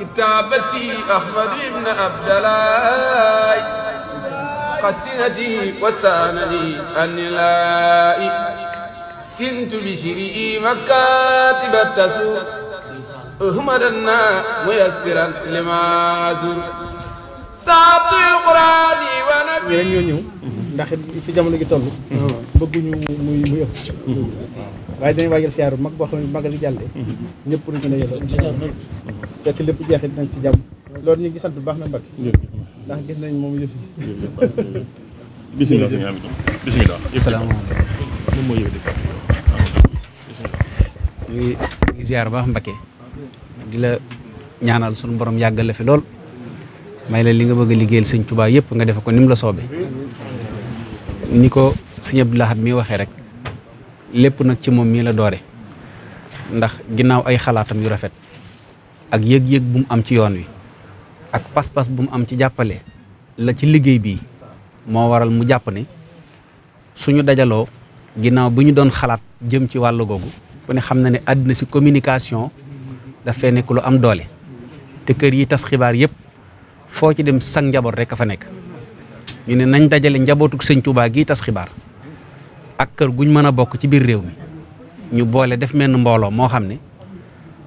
كتابتي أحمد بن عبد الله قسنتي وسانني النلائي سنت بشري مكاتب التسوق أهمدنا ميسرا i زر ساعة القرآن ونبي ndax fi jamono gi toll bëgguñu muy muy ëpp waaye dañuy waajal siyaaru mag boo xam ne magal gi jàlle ñëpp nañu ko dajale fekk lépp jeexit nañ ci loolu ñu ngi sant baax na Mbacke ndax nañ moom yëf yi di ñu ngi ziar la ñaanal sunu borom yàggal la fi lool may la li nga bëgg a liggéeyal sëñ Tuubaa yëpp nga defe ko ni mu la soobe ni ko sëñ Abdou Lahad mi waxee rek lépp nag ci moom mii la doore ndax ginnaaw ay xalaatam yu rafet ak yëg-yëg bu mu am ci yoon wi ak pas-pas bu mu am ci jàppale la ci liggéey bi moo waral mu jàpp ne suñu dajaloo ginnaaw bi ñu doon xalaat jëm ci wàllu googu ku ne xam na ne àddina si communication dafay nekk lu am doole te kër yi tas xibaar yëpp foo ci dem sang njaboot rek a fa nekk ñu ne nañ dajale njabootuk sëñ Tuubaa gi tas xibaar ak kër guñ mën a bokk ci biir réew mi ñu boole def menn mbooloo moo xam ne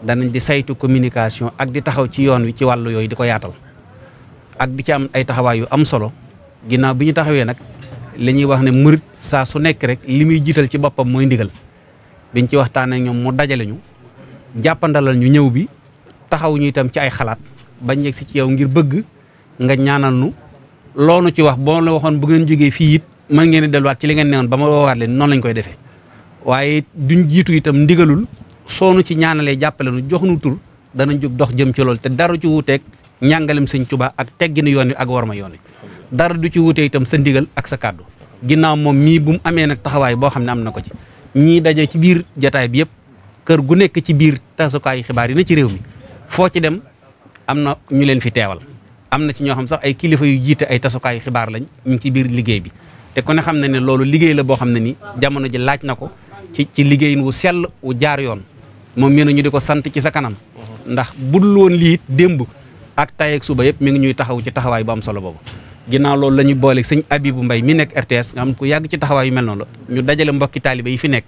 danañ di saytu communication ak di taxaw ci yoon wi ci wàllu yooyu di ko yaatal ak di ci am ay taxawaay yu am solo ginnaaw bi ñu taxawee nag li ñuy wax ne murit saa su nekk rek li muy jiital ci boppam mooy ndigal biñ ci waxtaanee ñoom mu dajale ñu jàppandalal ñu ñëw bi taxawuñu ñu itam ci ay xalaat bañ yegg si ci yow ngir bëgg nga ñaanal nu loonu ci wax boo la waxoon bu ngeen jógee fii it mën ngeen di delluwaat ci li ngeen newoon ba ma woowaat leen noonu lañ koy defee waaye duñ jiitu itam ndigalul soo nu ci ñaanalee jàppale nu jox nu tur danañ jug dox jëm ci loolu te dara ci wuuteeg njàngalem sëñ Tuubaa ak tegginu yoon wi ak ma yoon wi dara du ci wuute itam sa ndigal ak sa kàddu ginnaaw moom mii bu mu amee nag taxawaay boo xam ne am na ko ci ñii daje ci biir jataay bi yëpp kër gu nekk ci biir tasukaayu xibaar yi na ci réew mi foo ci dem am na ñu leen fi teewal am na ci ñoo xam sax ay kilifa yu jiite ay tasukaayu xibaar lañ ñu ci biir liggéey bi te ku ne xam ne ne loolu liggéey la boo xam ne ni jamono ji laaj na ko ci ci liggéeyin wu sell wu jaar yoon moom mi ñu di ko sant ci sa kanam ndax budul woon lii démb ak tay ak suba yëpp mi ngi ñuy taxaw ci taxawaay bu am solo boobu ginnaaw loolu la ñu boole sëñ Abibu Mbay mi nekk RTS nga xam ku yàgg ci taxawaay mel noonu la ñu dajale mbokki taalibe yi fi nekk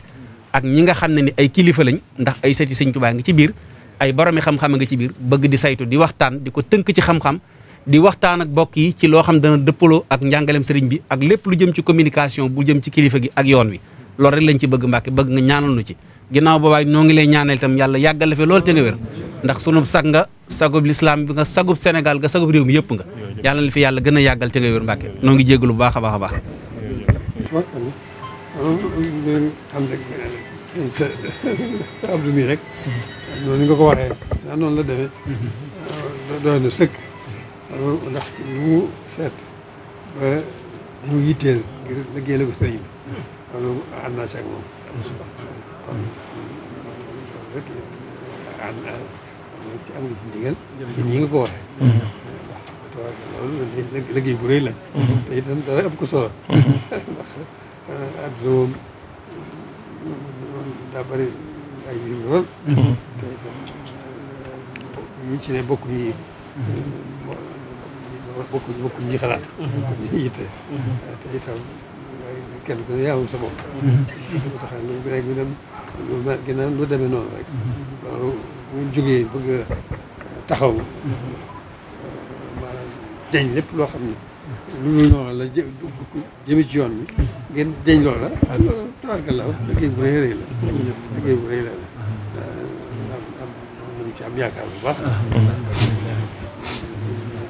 ak nga xam ne ni ay kilifa lañ ndax ay sëti sëñ Tuubaa ngi ci biir ay boromi xam-xam a nga ci biir bëgg di saytu di waxtaan di ko tënk ci xam-xam di waxtaan ak bokk yi ci loo xam dana dëppaloo ak njàngalem sëriñ bi ak lépp lu jëm ci communication bu jëm ci kilifa gi ak yoon wi loolu lañ ci bëgg Mbàkke bëgg nga ñaanal nu ci ginnaaw boobaay ñoo ngi lay ñaanal tam yàlla yàggal la fi loolu te ni ndax sunub sag nga sagub lislaam bi nga sagub Sénégal nga sagub réew mi yëpp nga yàlla la fi yàlla gën a yàggal te nga wér Mbàkke noo ngi jégalu bu baax a baax noonu nga ko waxee noonu la demee mhm. doy na sëkk ndax lu mu seet ba di mu yitteel ngir la ko sëriñ bi loolu ànd ci am nga ci loolu liggéey bu rëy la te itam dara am solo ndax adduna moom daa bëri ay mbir lool bokk ñi bokk kenn ku yaa moom sa bopp. lu tax a lu rek ñu dem lu mel demee noonu rek. loolu bëgg euh, taxaw. Euh, maanaam jañ lépp loo xam ne. lu la jë jëmi ci yoon bi. ngeen jañ loola. ah loolu tabarkalla liggéey bu la. liggéey bu rëy la euh, am am am yaakaar bu mm-hmm.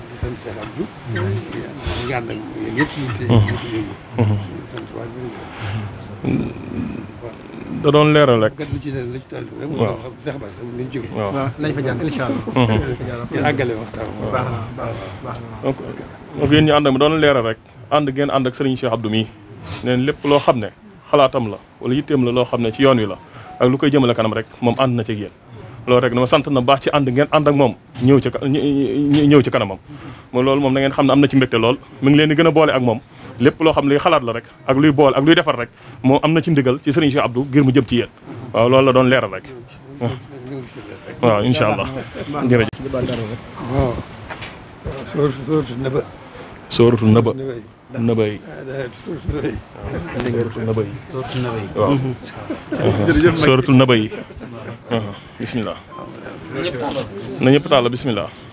di sant Seex Abdu ñu mhm. Mhm. da doon leeral rek. gàddu ci leeral la ci toll rek. Mhm. ak mu doon leeral rek ànd ngeen ànd ak Serigne Cheikh neen lépp loo xam ne xalaatam la wala yitteem la loo xam ne ci yoon wi la ak lu koy jëmale kanam rek moom ànd na ci yéen loolu rek dama sant na baax ci ànd ngeen ànd ak moom ñëw ci ñëw ci kanamam mo loolu moom na ngeen xam ne am na ci mbégte lool mi ngi leen di gën a boole ak moom lépp loo xam ne luy xalaat la rek ak luy boole ak luy defar rek moom am na ci ndigal ci Serigne Cheikh Abdou ngir mu jëm ci yéen waaw loolu la doon leeral rek waaw incha allah jërëjëf sóoratu Naba. Naba yi sóoratu Naba yi. waaw. sóoratu Naba yi. bisimilah. na ñëpp taal la bisimilah.